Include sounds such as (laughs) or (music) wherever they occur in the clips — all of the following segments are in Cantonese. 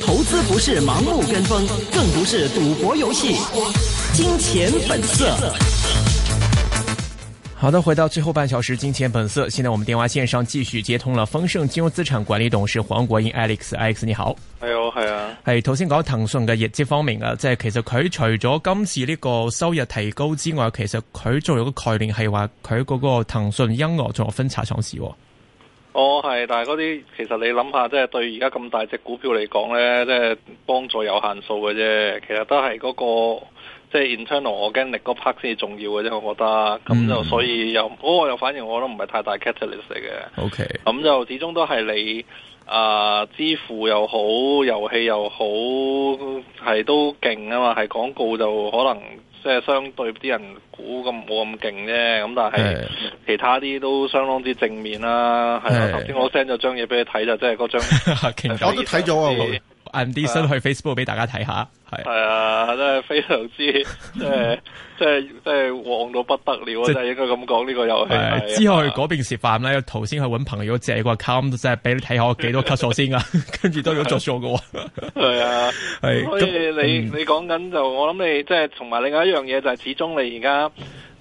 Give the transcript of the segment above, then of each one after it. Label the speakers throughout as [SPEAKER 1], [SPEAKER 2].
[SPEAKER 1] 投資不是盲目跟風，更不是賭博遊戲。金錢本色。好的，回到最後半小時，金錢本色。現在我們電話線上繼續接通了豐盛金融資產管理董事黃國英 Alex，Alex 你好。係哦，係啊。係頭先講騰訊嘅業績方面啊，即係其實佢除咗今次呢個收入提高之外，其實佢做咗個概念係話佢嗰個騰訊音樂仲有分拆上市。
[SPEAKER 2] 哦，係，但係啲其實你諗下，即係對而家咁大隻股票嚟講咧，即係幫助有限數嘅啫。其實都係嗰、那個即係 internal 我精力嗰 part 先重要嘅啫，我覺得。咁、嗯、就所以又、哦，我又反而我都唔係太大 catalyst 嚟嘅。
[SPEAKER 1] OK，咁
[SPEAKER 2] 就始終都係你啊、呃、支付又好，遊戲又好，係都勁啊嘛。係廣告就可能。即係相對啲人估咁冇咁勁啫。咁但係其他啲都相當之正面啦，係啦。頭先我 send 咗張嘢俾你睇就 (laughs) 即係嗰張， (laughs) 的我都睇咗啊。 (laughs) M D 新 Yeah. 去
[SPEAKER 1] Facebook 俾大家睇下，係
[SPEAKER 2] 係啊，真係非常之，即係即係即係旺到不得了啊！ (laughs) 真係應該咁講，呢個遊戲，哎。之後去
[SPEAKER 1] 嗰邊食飯咧，頭先 Yeah. 去搵朋友借個 account，即係俾你睇下我幾多級數先啊。 (laughs) (laughs) 跟住都有着數噶。
[SPEAKER 2] 係啊，係。所以你你講緊就，我諗你即係同埋另外一樣嘢就係，始終你而家。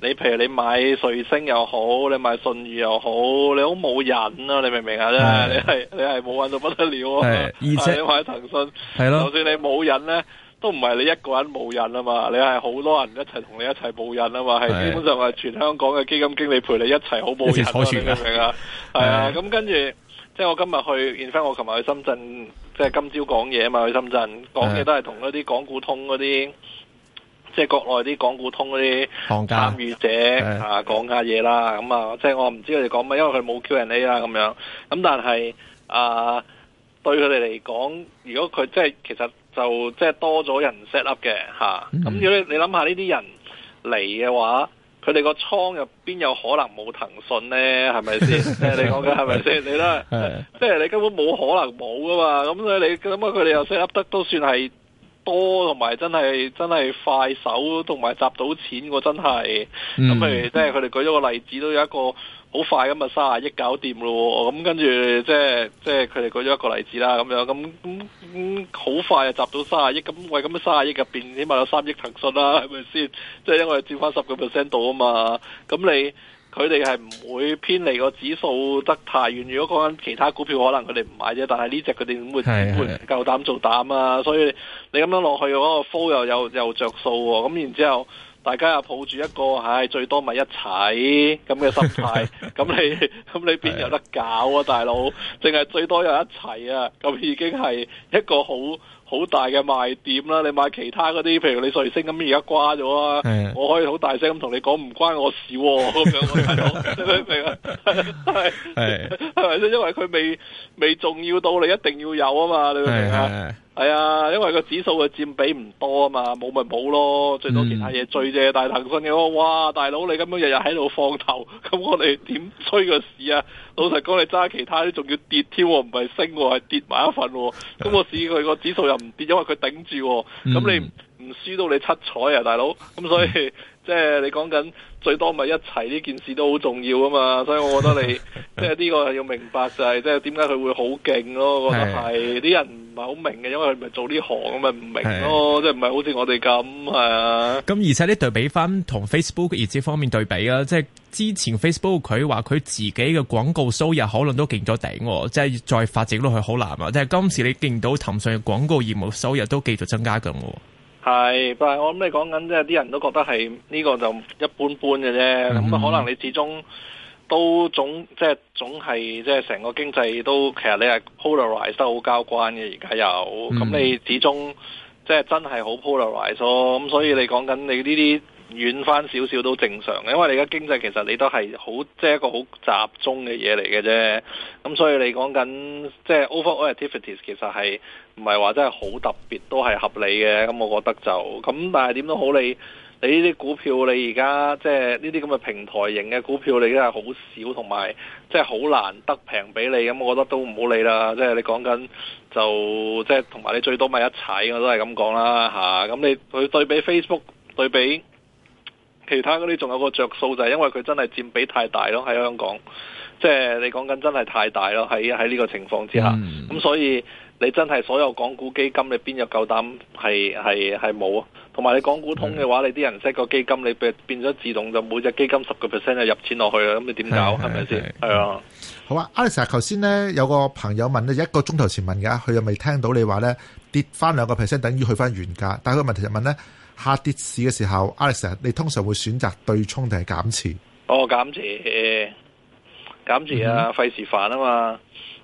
[SPEAKER 2] 你譬如你買瑞聲又好，你買信義又好，你好冇癮啊！你明唔明啊？你係你係冇揾到不得了啊！而且買騰訊，係咯的，就算你冇癮咧，都唔係你一個人冇癮啊嘛！你係好多人一齊同你一齊冇癮啊嘛！係是基本上係全香港嘅基金經理陪你一齊好冇癮，明唔明啊？係啊的！咁跟住，即係我今日去，even 我琴日去深圳，即係今朝講嘢啊嘛，去深圳講嘢都係同一啲港股通嗰啲。即係國內啲港股通嗰啲參與者家啊講下嘢啦，咁啊，即係我唔知佢哋講乜，因為佢冇 Q&A 啦咁樣。咁但係啊，對佢哋嚟講，如果佢即係其實就即係多咗人 set up 嘅吓，咁、啊嗯、如果你你諗下呢啲人嚟嘅話，佢哋個倉入邊有可能冇騰訊呢？係咪先？即係你講嘅係咪先？你
[SPEAKER 1] 咧，
[SPEAKER 2] 即係你根本冇可能冇㗎嘛。咁所以你諗下佢哋又 set up 得都算係。多同埋真係真係快手同埋集到錢喎、啊、真係，
[SPEAKER 3] 咁譬如即係佢
[SPEAKER 2] 哋舉咗個例子，都有一個好快咁咪卅億搞掂咯，咁跟住即係即係佢哋舉咗一個例子啦，咁樣咁咁好快啊集到卅億，咁喂，咁卅億入邊，起碼有三億騰訊啦，係咪先？即係因為佔翻十個 percent 度啊嘛，咁你。佢哋係唔會偏離個指數得太遠。如果講緊其他股票，可能佢哋唔買啫。但係呢隻佢哋點會夠膽是的 做膽啊！所以你咁樣落去嘅 follow 又又着數喎。咁、啊、然之後，大家又抱住一個唉、哎，最多咪一齊咁嘅心態。咁 (laughs) 你咁你邊有得搞啊，是的 大佬？淨係最多有一齊啊，咁已經係一個好。好大嘅賣點啦，你買其他嗰啲，譬如你瑞星咁，而家瓜咗啊，是的 我可以好大聲咁同你講唔關我事喎咁樣，明唔明啊？係係咪先？因為佢未未重要到你一定要有啊嘛，你明唔明啊？是的是的是的。係啊、哎，因為個指數嘅佔比唔多啊嘛，冇咪冇咯，最多其他嘢追啫。嗯、但係騰訊嘅話，哇，大佬你咁樣日日喺度放頭，咁我哋點吹個市啊？老實講，你揸其他啲仲要跌添，唔係升，係跌埋一份。咁個市佢個指數又唔跌，因為佢頂住。咁你唔輸到你七彩啊，大佬。咁所以即係你講緊。最多咪一齊呢件事都好重要啊嘛，所以我覺得你即係呢個係要明白就係即係點解佢會好勁咯，我覺得係啲的人唔係好明嘅，因為佢唔係做呢行咁咪
[SPEAKER 1] 唔明咯，
[SPEAKER 2] 的即係唔係好似我哋咁係
[SPEAKER 1] 啊。咁而且呢對比翻同 Facebook 嘅業績方面對比啊，即係之前 Facebook 佢話佢自己嘅廣告收入可能都勁咗頂喎，即係再發展落去好難啊。但係今次你見到騰訊嘅廣告業務收入都繼續增加嘅喎。
[SPEAKER 2] 係，但係我諗你講緊即係啲人都覺得係呢、這個就一般般嘅啫，咁啊、嗯嗯、可能你始終都總即係總係即係成個經濟都其實你係 polarize 得好交關嘅而家又，咁、嗯、你始終即係真係好 polarize 咯、哦，咁所以你講緊你呢啲。遠翻少少都正常嘅，因為你而家經濟其實你都係好，即係一個好集中嘅嘢嚟嘅啫。咁所以你講緊即係 overall activities，其實係唔係話真係好特別，都係合理嘅。咁我覺得就咁，但係點都好，你你呢啲股票你而家即係呢啲咁嘅平台型嘅股票，你都係好少，同埋即係好難得平俾你。咁我覺得都唔好理啦。即係你講緊就即係同埋你最多咪一齊，我都係咁講啦吓。咁你去對比 Facebook 對比。其他嗰啲仲有個着數就係、是、因為佢真係佔比太大咯，喺香港，即係你講緊真係太大咯，喺喺呢個情況之下，咁、嗯嗯、所以你真係所有港股基金你邊有夠膽係係係冇啊？同埋你港股通嘅話，嗯、你啲人識個基金你變咗自動就每隻基金十個 percent 就入錢落去啦，咁你點搞？係咪先？係是啊，
[SPEAKER 3] 好啊，Alex 啊，頭先呢有個朋友問你一個鐘頭前問噶，佢又未聽到你話呢跌翻兩個 percent，等於去翻原價，但佢個問題就問呢。下跌市嘅時候，Alex，你通常會選擇對沖定係減持？
[SPEAKER 2] 哦，減持，減持啊，費事煩啊嘛。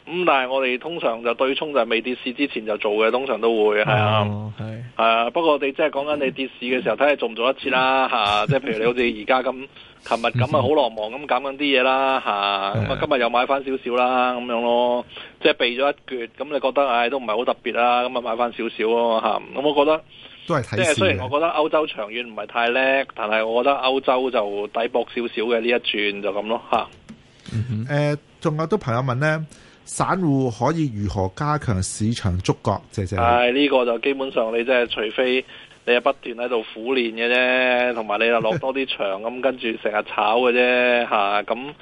[SPEAKER 2] 咁、嗯、但係我哋通常就對沖就未跌市之前就做嘅，通常都會係啊，係、
[SPEAKER 3] oh,
[SPEAKER 2] okay. 啊。不過我哋即係講緊你跌市嘅時候，睇下做唔做一次啦、啊、吓。即係譬如你好似而家咁，琴日咁啊好落忙咁減緊啲嘢啦吓。咁啊、呃嗯、今日又買翻少少啦，咁樣咯，即、就、係、是、避咗一橛。咁你覺得唉、哎、都唔係好特別啦、啊，咁啊買翻少少咯吓。咁、啊啊啊、我覺得。
[SPEAKER 3] 即係雖然我覺
[SPEAKER 2] 得歐洲長遠唔係太叻，但係我覺得歐洲就抵博少少嘅，呢一轉就咁咯吓。誒、嗯、
[SPEAKER 3] 仲、呃、有啲朋友問呢，散戶可以如何加強市場觸覺？謝謝。係呢、
[SPEAKER 2] 哎，這個就基本上你即、就、係、是、除非你係不斷喺度苦練嘅啫，同埋你又落多啲場，咁， (laughs) 跟住成日炒嘅啫吓咁。啊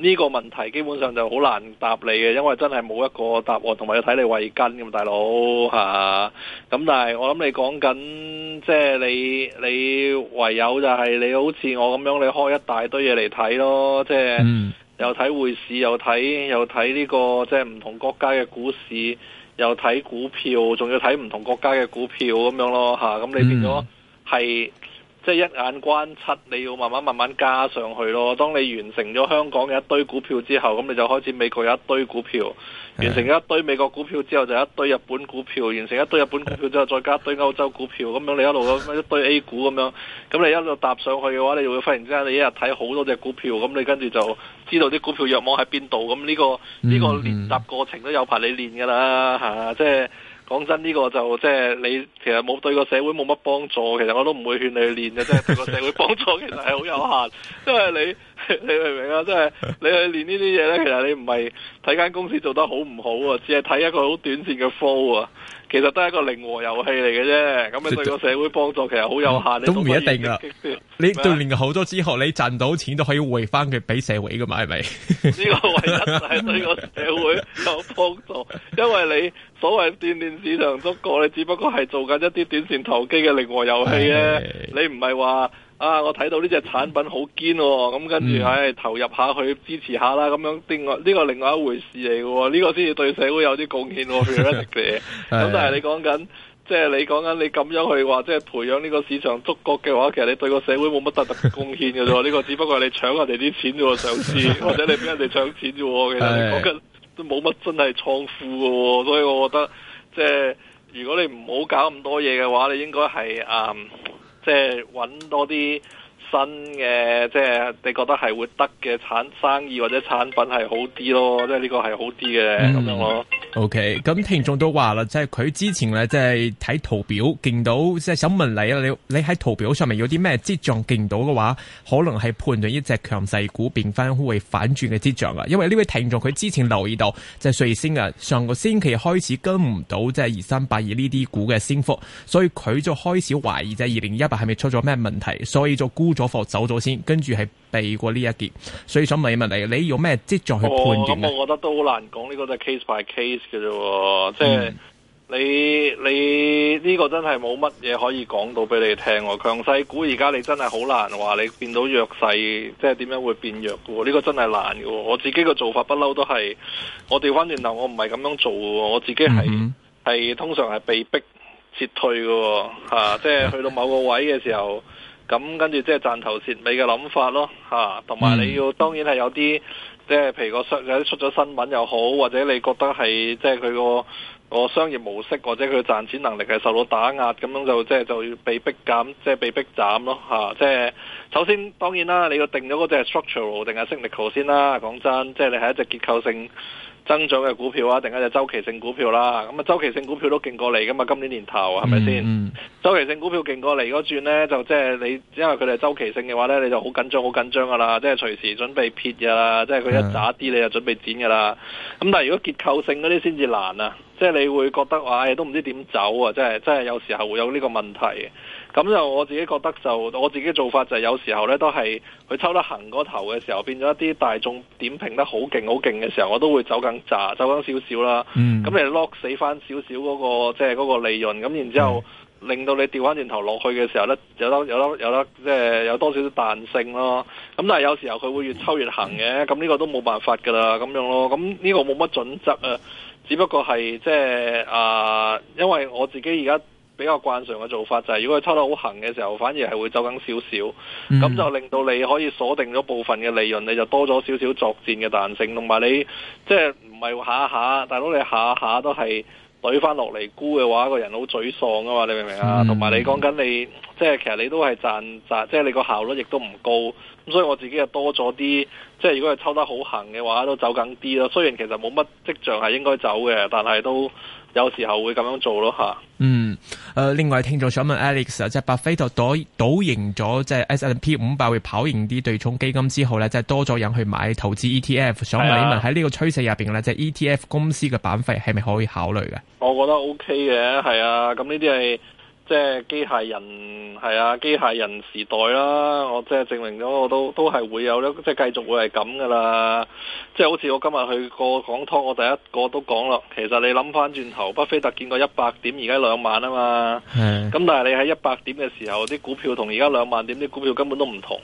[SPEAKER 2] 呢個問題基本上就好難答你嘅，因為真係冇一個答案，同埋要睇你衞根咁大佬嚇。咁、啊、但係我諗你講緊，即係你你唯有就係你好似我咁樣，你開一大堆嘢嚟睇咯，即係、嗯、又睇匯市，又睇又睇呢、呢個即係唔同國家嘅股市，又睇股票，仲要睇唔同國家嘅股票咁樣咯嚇。咁、啊嗯嗯、你變咗係。即係一眼關七，你要慢慢慢慢加上去咯。當你完成咗香港嘅一堆股票之後，咁你就開始美國有一堆股票，
[SPEAKER 3] 完成一
[SPEAKER 2] 堆美國股票之後就有一堆日本股票，完成一堆日本股票之後再加一堆歐洲股票，咁樣你一路咁一堆 A 股咁樣，咁你一路搭上去嘅話，你就會忽然之間你一日睇好多隻股票，咁你跟住就知道啲股票弱網喺邊度。咁呢個、呢個呢、嗯、個練習過程都有排你練㗎啦嚇，即係。就是講真呢個就即係你其實冇對個社會冇乜幫助，其實我都唔會勸你去練嘅，即係 (laughs) 對個社會幫助其實係好有限，因為你你明唔明啊？即係你去練呢啲嘢呢，其實你唔係睇間公司做得好唔好啊，只係睇一個好短線嘅 flow 啊。其實都係一個零和遊戲嚟嘅啫，咁樣對個社會幫助其實好有限。唔一、嗯、定噶，你鍛煉
[SPEAKER 1] 好多之後，你賺到錢都可以回翻佢俾社會噶嘛？係咪？呢
[SPEAKER 2] 個唯一就係對個社會有幫助， (laughs) 因為你所謂鍛煉市場足夠，你只不過係做緊一啲短線投機嘅零和遊戲啫。唉你唔係話。啊！我睇到呢隻產品好堅喎，咁跟住，唉、嗯，投入下去支持下啦，咁樣另外呢個另外一回事嚟嘅，哦，呢個先至對社會有啲貢獻喎。咁 (laughs) (laughs) 但係你講緊，即係你講緊你咁樣去話，即係培養呢個市場觸覺嘅話，其實你對個社會冇乜特特嘅貢獻嘅啫。呢 (laughs) 個只不過係你搶人哋啲錢啫，上次， (laughs) 或者你俾人哋搶錢啫。其實講緊都冇乜真係創富嘅，哦，所以我覺得，即係如果你唔好搞咁多嘢嘅話，你應該係嗯。Um, 即係揾多啲新嘅，即係你覺得係會得嘅產生意或者產品係好啲咯，即係呢個係好啲嘅，咁樣咯。
[SPEAKER 1] O K，咁聽眾都話啦，即係佢之前咧，即係睇圖表見到，即係想問你啊，你你喺圖表上面有啲咩跡象見到嘅話，可能係判斷一隻強勢股變翻會反轉嘅跡象啊。因為呢位聽眾佢之前留意到，即係瑞聲啊，上個星期開始跟唔到即係二三八二呢啲股嘅升幅，所以佢就開始懷疑即係二零一八係咪出咗咩問題，所以就沽咗貨走咗先，跟住係避過呢一劫。所以想問一問你，你有咩跡象去判斷嘅？哦、我
[SPEAKER 2] 我覺得都好難講，呢個都係 case by case。啫即係你你呢、這個真係冇乜嘢可以講到俾你聽喎。強勢股而家你真係好難話你變到弱勢，即係點樣會變弱嘅？呢、這個真係難嘅。我自己嘅做法不嬲都係，我調翻轉頭我唔係咁樣做嘅。我自己係係、嗯、通常係被逼撤退嘅，吓、啊，即、就、係、是、去到某個位嘅時候，咁跟住即係賺頭蝕尾嘅諗法咯，吓、啊，同埋你要、嗯、當然係有啲。即係，譬如個商有啲出咗新聞又好，或者你覺得係即係佢個個商業模式，或者佢賺錢能力係受到打壓，咁樣就即係就要被逼減，即係被逼斬咯嚇。即係首先當然啦，你要定咗嗰隻 structural 定係 cyclical 先啦。講真，即係你係一隻結構性增長嘅股票啊，定係就周期性股票啦。咁啊，周期性股票都勁過嚟噶嘛。今年年頭係咪先？嗯、吧周期性股票勁過嚟嗰轉呢，就即係你，因為佢哋係周期性嘅話呢，你就好緊張，好緊張噶啦。即係隨時準備撇噶啦，即係佢一打啲，你就準備剪噶啦。咁、嗯、但係如果結構性嗰啲先至難啊，即、就、係、是、你會覺得哇、哎，都唔知點走啊！即係即係有時候會有呢個問題。咁就我自己覺得就我自己做法就係有時候呢都係佢抽得行嗰頭嘅時候，變咗一啲大眾點評得好勁好勁嘅時候，我都會走緊炸，走緊少少啦。咁、mm. 你 lock 死翻少少嗰、那個即係嗰個利潤。咁然之後、mm. 令到你掉翻轉頭落去嘅時候呢，有得有得有得即係、就是、有多少少彈性咯。咁但係有時候佢會越抽越行嘅，咁呢個都冇辦法噶啦，咁樣咯。咁呢個冇乜準則啊，只不過係即係啊，因為我自己而家。比較慣常嘅做法就係、是，如果佢抽得好行嘅時候，反而係會走緊少少，咁、嗯、就令到你可以鎖定咗部分嘅利潤，你就多咗少少作戰嘅彈性，同埋你即係唔係下下，大佬你下下都係懟翻落嚟沽嘅話，個人好沮喪㗎嘛，你明唔明啊？同埋、嗯、你講緊你即係、就是、其實你都係賺賺，即、就、係、是、你個效率亦都唔高，咁所以我自己又多咗啲，即、就、係、是、如果佢抽得好行嘅話，都走緊啲咯。雖然其實冇乜跡象係應該走嘅，但係都。有時候會咁樣做咯吓。
[SPEAKER 1] 嗯，誒，呃，另外聽眾想問 Alex 啊，即係巴菲特賭賭贏咗，即係 S N P 五百會跑贏啲對沖基金之後咧，即係多咗人去買投資 E T F，想問一問喺呢個趨勢入邊咧，即係 E T F 公司嘅版費係咪可以考慮嘅？
[SPEAKER 2] 我覺得 OK 嘅，係啊，咁呢啲係。即係機械人係啊，機械人時代啦！我即係證明咗，我都都係會有咧，即係繼續會係咁噶啦。即係好似我今日去過講拖，我第一個都講咯。其實你諗翻轉頭，巴菲特見過一百點，而家兩萬啊嘛。咁的但係你喺一百點嘅時候，啲股票同而家兩萬點啲股票根本都唔同。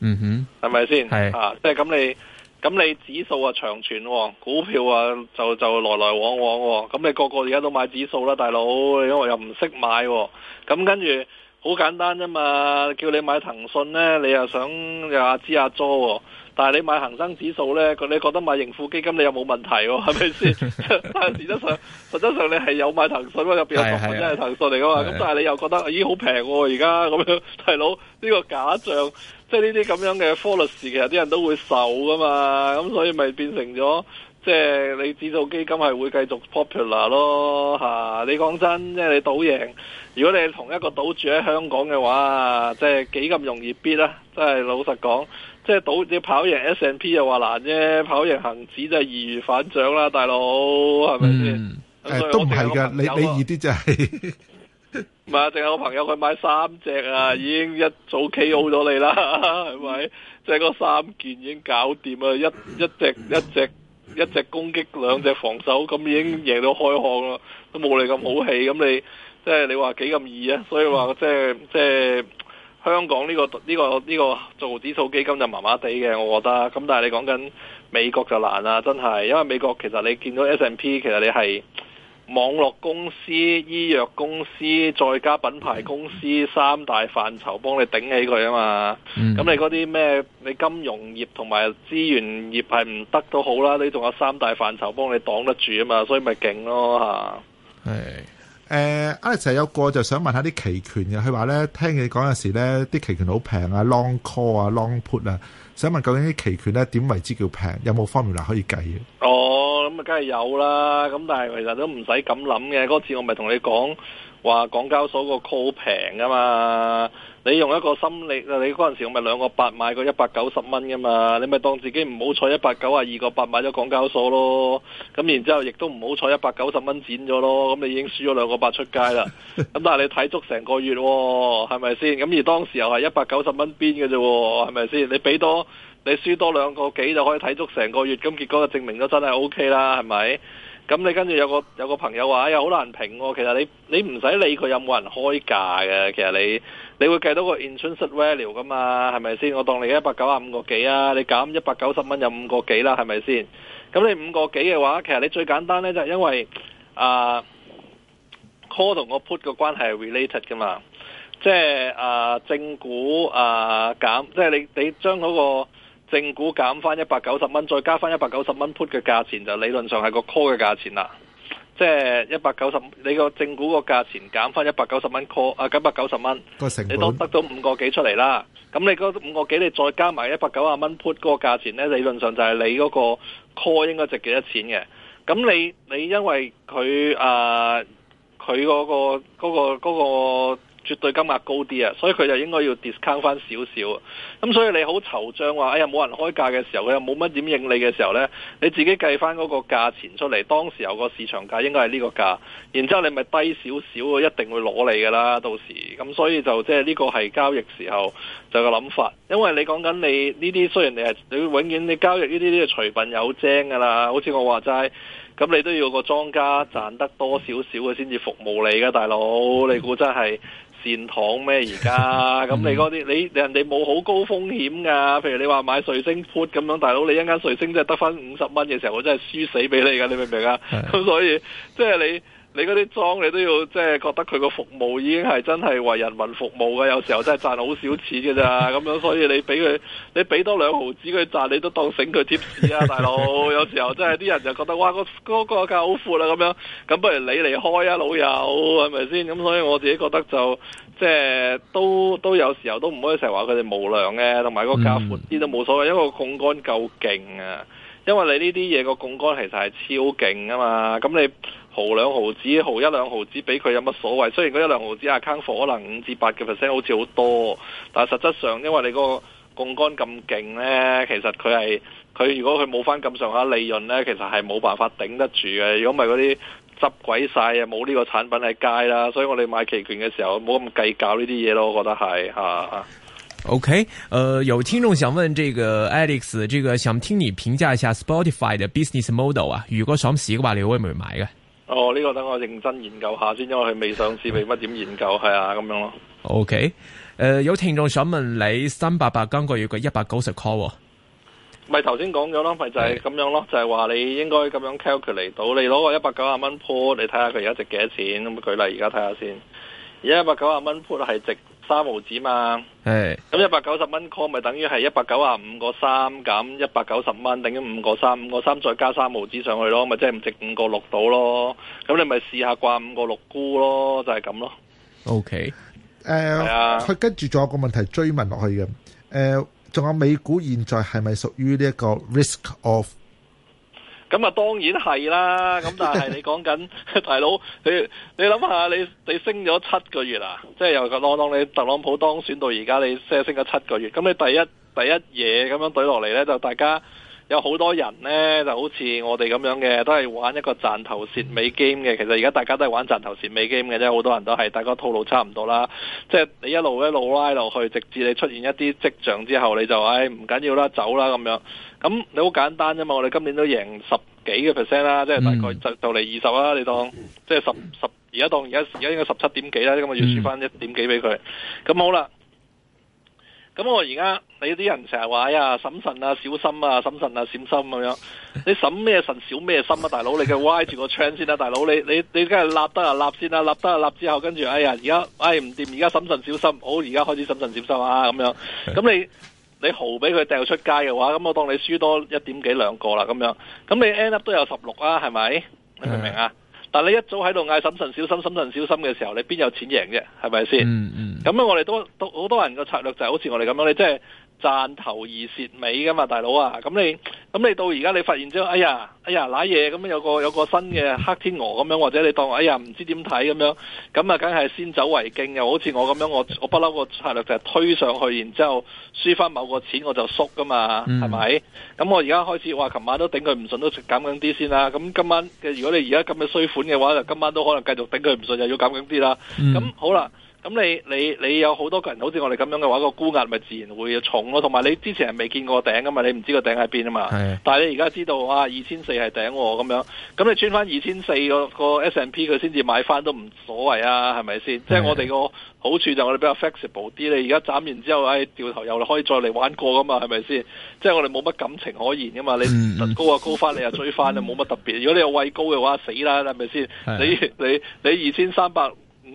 [SPEAKER 2] 嗯哼，係咪先？係的啊，即係咁你。咁你指數啊長存、哦，股票啊就就來來往往喎、哦。咁你個個而家都買指數啦，大佬，你因為又唔識買喎、哦。咁跟住好簡單啫嘛，叫你買騰訊咧，你又想又阿支阿捉、哦，但係你買恒生指數咧，你覺得買盈富基金你又冇問題喎、哦，係咪先？但係實質上，實質上你係有買騰訊，入邊有部分真係騰訊嚟噶嘛。咁 (laughs) 但係你又覺得，咦好平喎而家咁樣，大佬呢、呢個假象。即係呢啲咁樣嘅科律士，其實啲人都會受㗎嘛，咁、嗯、所以咪變成咗，即係你指數基金係會繼續 popular 咯嚇、啊。你講真，即係你賭贏，如果你係同一個賭注喺香港嘅話，即係幾咁容易 beat 啦。真係老實講，即係賭你跑贏 S&P 又話難啫、啊，跑贏恆指就易如反掌啦，大佬係
[SPEAKER 3] 咪
[SPEAKER 2] 先？誒都唔係㗎，你你易
[SPEAKER 3] 啲就係、是。 (laughs)
[SPEAKER 2] 唔係啊！淨係我朋友佢買三隻啊，已經一早 K.O. 咗你啦，係咪？即係嗰三件已經搞掂啊！一一隻一隻一隻攻擊，兩隻防守，咁已經贏到開巷啦！都冇你咁好氣，咁你即係你話幾咁易啊？所以話即係即係香港呢個呢個呢個做指數基金就麻麻地嘅，我覺得。咁但係你講緊美國就難啦，真係，因為美國其實你見到 S&P 其實你係。網絡公司、醫藥公司，再加品牌公司，嗯、三大範疇幫你頂起佢啊嘛。咁、嗯、你嗰啲咩？你金融業同埋資源業係唔得都好啦，你仲有三大範疇幫你擋得住啊嘛，所以咪勁咯嚇。
[SPEAKER 3] 係誒，Alex 有個就想問下啲期權嘅，佢話咧聽你講有時咧啲期權好平啊，long call 啊，long put 啊。想問究竟啲期權咧點為之叫平？有冇 formula 可以計嘅？哦，咁
[SPEAKER 2] 啊，梗係有啦。咁但係其實都唔使咁諗嘅。嗰次我咪同你講話港交所個 call 平㗎嘛。你用一個心理，你嗰陣時我咪兩個八買過一百九十蚊噶嘛，你咪當自己唔好彩一百九廿二個八買咗港交所咯，咁然之後亦都唔好彩一百九十蚊剪咗咯，咁你已經輸咗兩個八出街啦。咁但係你睇足成個月係咪先？咁而當時又係一百九十蚊邊嘅啫，係咪先？你俾多你輸多兩個幾就可以睇足成個月，咁結果就證明咗真係 OK 啦，係咪？咁你跟住有個有個朋友話：，哎、啊、呀，好難評喎、啊。其實你你唔使理佢有冇人開價嘅。其實你你會計到個 intrinsic value 噶嘛，係咪先？我當你一百九啊五個幾啊，你減一百九十蚊有五個幾啦，係咪先？咁你五個幾嘅話，其實你最簡單呢，就係、是、因為啊、呃、call 同個 put 個關係係 related 噶嘛，即係啊正股啊減、呃，即係你你將嗰、那個。正股減翻一百九十蚊，再加翻一百九十蚊 put 嘅價錢，就理論上係個 call 嘅價錢啦。即係一百九十，你個正股個價錢減翻一百九十蚊 call 啊，九百九十蚊。
[SPEAKER 3] 成本你都得
[SPEAKER 2] 到五個幾出嚟啦。咁你嗰五個幾，你再加埋一百九十蚊 put 嗰個價錢呢，理論上就係你嗰個 call 應該值幾多錢嘅。咁你你因為佢啊，佢、呃、嗰、嗰個嗰、嗰個嗰、嗰個嗰個、絕對金額高啲啊，所以佢就應該要 discount 翻少少。咁、嗯、所以你好惆悵話，哎呀，冇人開價嘅時候，佢又冇乜點應你嘅時候呢，你自己計翻嗰個價錢出嚟，當時有個市場價應該係呢個價，然之後你咪低少少，一定會攞你噶啦，到時咁、嗯、所以就即係呢個係交易時候就個諗法，因為你講緊你呢啲雖然你係你永遠你交易呢啲都係隨便有精噶啦，好似我話齋，咁你都要個莊家賺得多少少嘅先至服務你嘅大佬，你估真係？善堂咩？而家咁你嗰啲 (noise) 你，你人哋冇好高風險噶，譬如你話買瑞星 put 咁樣，大佬你一間瑞星真係得翻五十蚊嘅時候，我真係輸死俾你噶，你明唔明啊？咁 (laughs) 所以即係 (noise) 你。你嗰啲裝你都要即係覺得佢個服務已經係真係為人民服務嘅，有時候真係賺好少錢嘅咋咁樣，所以你俾佢你俾多兩毫子佢賺，你都當醒佢貼士啊，大佬有時候真係啲人就覺得哇、嗰個嗰、嗰個價好闊啦咁樣，咁不如你離開啊老友係咪先？咁、嗯、所以我自己覺得就即係都都有時候都唔可以成日話佢哋無良嘅，同埋個價闊啲都冇所謂，因為個槓桿夠勁啊。因為你呢啲嘢個槓桿其實係超勁啊嘛，咁你毫兩毫子、毫一兩毫子俾佢有乜所謂？雖然嗰一兩毫子 account 可能五至八嘅 percent 好似好多，但係實質上因為你嗰個槓桿咁勁呢，其實佢係佢如果佢冇翻咁上下利潤呢，其實係冇辦法頂得住嘅。如果唔係嗰啲執鬼晒啊，冇呢個產品喺街啦，所以我哋買期權嘅時候冇咁計較呢啲嘢咯，我覺得係嚇
[SPEAKER 1] OK，誒、呃，有聽眾想問這個 Alex，這個想聽你評價一下 Spotify 的 business model 啊，如果上市嘅話，你會唔會買㗎？哦，
[SPEAKER 2] 呢、這個等我認真研究下先，因為佢未上市，未乜點研究，係啊咁樣咯。
[SPEAKER 1] OK，誒、呃，有聽眾想問你三百八今個月嘅一百九十 call，
[SPEAKER 2] 咪頭先講咗咯，咪就係、是、咁樣咯，就係、是、話你應該咁樣 calculate 嚟到，你攞個一百九十蚊 po 嚟睇下佢而家值幾多錢，咁舉例而家睇下先。而家一百九十蚊 put 係值三毫紙嘛，係咁一百九十蚊 call 咪等於係一百九啊，五個三，咁一百九十蚊，0, 等於五個三，五個三再加三毫紙上去咯，咪即係唔值五個六到咯，咁你咪試下掛五個六沽咯，就係、是、咁咯。
[SPEAKER 1] O K，誒，
[SPEAKER 3] 佢跟住仲有個問題追問落去嘅，誒，仲有美股現在係咪屬於呢一個 risk of？
[SPEAKER 2] 咁啊，當然係啦。咁但係你講緊大佬，你你諗下，你你升咗七個月啊！即係由個當當你特朗普當選到而家，你先係升咗七個月。咁你第一第一嘢咁樣懟落嚟咧，就大家。 (music) (music) (music) 有好多人呢，就好似我哋咁樣嘅，都係玩一個賺頭蝕尾 game 嘅。其實而家大家都係玩賺頭蝕尾 game 嘅啫，好多人都係，大家套路差唔多啦。即係你一路一路拉落去，直至你出現一啲跡象之後，你就誒，唔緊要啦，走啦咁樣。咁你好簡單啫嘛，我哋今年都贏十幾個 percent 啦，即係大概就到嚟二十啦。你當即係十十，而家當而家而家應該十七點幾啦，咁啊要輸翻一點幾俾佢。咁好啦。咁我而家你啲人成日話呀，審慎啊，小、啊啊、心啊，審慎啊，小心咁樣，你審咩慎，小咩心啊，大佬你嘅歪住個槍先啦、啊，大佬你你你梗係立得啊立先啦、啊，立得啊立之後，跟住哎呀而家哎唔掂，而家審慎小心，好而家開始審慎小心啊咁樣，咁你你毫俾佢掉出街嘅話，咁我當你輸多一點幾兩個啦，咁樣，咁你 end up 都有十六啊，係咪？你明唔明啊？Mm hmm. 但你一早喺度嗌審慎小心審慎小心嘅時候，你邊有錢贏啫？係咪先？嗯嗯，咁樣我哋都都好多人嘅策略就係好似我哋咁樣，你即係。賺頭而蝕尾噶嘛，大佬啊！咁你咁你到而家你發現之後，哎呀，哎呀，瀨嘢咁，有個有個新嘅黑天鵝咁樣，或者你當哎呀唔知點睇咁樣，咁啊，梗係先走為敬嘅，又好似我咁樣，我我不嬲個策略就係推上去，然之後輸翻某個錢我就縮噶嘛，係咪？咁、嗯、我而家開始話，琴晚都頂佢唔順，都減緊啲先啦。咁今晚嘅如果你而家咁嘅衰款嘅話，就今晚都可能繼續頂佢唔順，就要減緊啲啦。咁好啦。嗯咁你你你有好多個人好似我哋咁樣嘅話，個沽壓咪自然會重咯。同埋你之前係未見過頂噶嘛，你唔知個頂喺邊啊嘛。是的 但係你而家知道啊，二千四係頂咁樣。咁你穿翻二千四個 S&P，佢先至買翻都唔所謂啊，係咪先？即係我哋個好處就我哋比較 flexible 啲。你而家斬完之後，哎，掉頭又可以再嚟玩過噶嘛，係咪先？即係我哋冇乜感情可言噶嘛。你突高啊，高翻你又追翻，又冇乜特別。如果你有畏高嘅話，死啦，係咪先？你你你二千三百。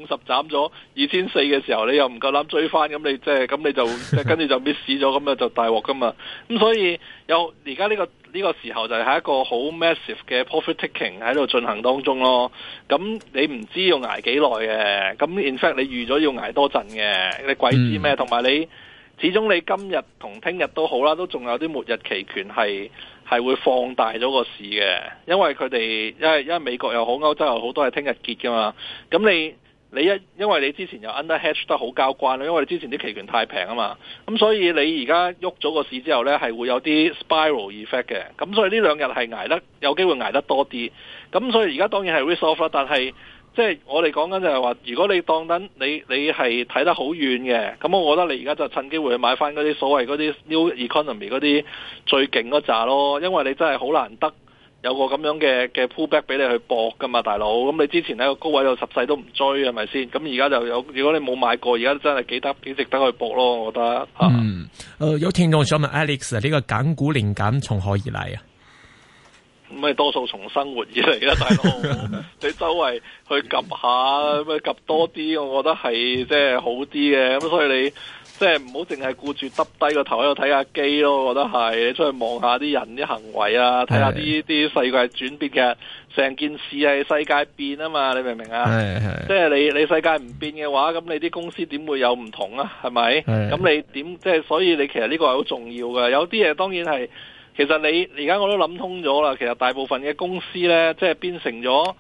[SPEAKER 2] 十斬咗二千四嘅時候，你又唔夠膽追翻，咁你即係咁你就跟住就 miss 咗，咁啊就,就大鑊噶嘛。咁所以有而家呢個呢個時候就係一個好 massive 嘅 profit taking 喺度進行當中咯。咁你唔知要挨幾耐嘅，咁 in fact 你預咗要挨多陣嘅，你鬼知咩？同埋你始終你今日同聽日都好啦，都仲有啲末日期權係係會放大咗個市嘅，因為佢哋因為因為美國又好，歐洲又好，都係聽日結噶嘛。咁你你一因為你之前又 under hedge 得好交關啦，因為你之前啲期權太平啊嘛，咁所以你而家喐咗個市之後呢，係會有啲 spiral effect 嘅，咁所以呢兩日係捱得有機會捱得多啲，咁所以而家當然係 risk off 啦，但係即係我哋講緊就係話，如果你當緊你你係睇得好遠嘅，咁我覺得你而家就趁機會去買翻嗰啲所謂嗰啲 new economy 嗰啲最勁嗰扎咯，因為你真係好難得。有個咁樣嘅嘅 pullback 俾你去搏噶嘛，大佬。咁你之前喺個高位度十世都唔追，係咪先？咁而家就有，如果你冇買過，而家真係幾得幾值得去搏咯，我覺得。
[SPEAKER 1] 啊、嗯，誒、呃，有聽眾想問 Alex 啊，呢個揀股靈感從何而嚟啊？咁
[SPEAKER 2] 咪多數從生活以嚟啦，大佬。 (laughs) 你周圍去及下，咁及多啲，我覺得係即係好啲嘅。咁所以你。即係唔好淨係顧住耷低個頭喺度睇下機咯，我覺得係，你出去望下啲人啲行為啊，睇下啲啲世界轉變，其實成件事係世界變啊嘛，你明唔明啊？係係即係你你世界唔變嘅話，咁你啲公司點會有唔同啊？係咪？咁的你點即係？所以你其實呢個係好重要嘅。有啲嘢當然係，其實你而家我都諗通咗啦。其實大部分嘅公司咧，即係變成咗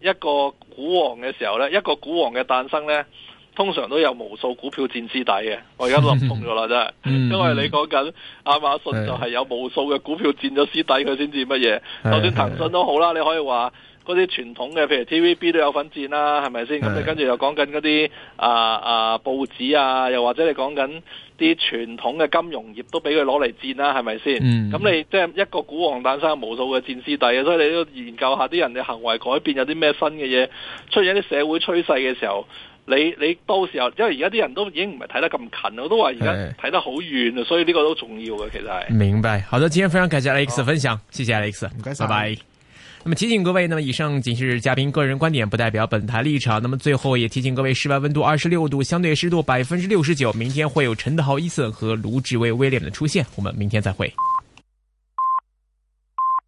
[SPEAKER 2] 一個股王嘅時候咧，一個股王嘅誕生咧，通常都有無數股票戰屍底嘅，我而家諗通咗啦，真係，因為你講緊亞馬遜就係有無數嘅股票戰咗屍底，佢先至乜嘢。 (laughs) 就算騰訊都好啦，你可以話嗰啲傳統嘅，譬如 TVB 都有份戰啦，係咪先？咁 (laughs) 你跟住又講緊嗰啲啊啊報紙啊，又或者你講緊啲傳統嘅金融業都俾佢攞嚟戰啦，係咪先？咁 (laughs) (laughs) 你即係、就是、一個股王誕生，有無數嘅戰屍底嘅，所以你都研究下啲人嘅行為改變有啲咩新嘅嘢，出現啲社會趨勢嘅時候。你你到時候，因為而家啲人都已經唔係睇得咁近啦，我都話而家睇得好遠啊，對所以呢個都重要嘅，其
[SPEAKER 1] 實係。明白，好的，今天非常感謝 Alex 分享，啊、謝謝 Alex，謝拜拜。嗯、那麼提醒各位，那麼以上僅是嘉賓個人觀點，不代表本台立場。那麼最後也提醒各位，室外温度二十六度，相對濕度百分之六十九，明天會有陳德豪、伊森和盧志威、威廉的出現，我們明天再會。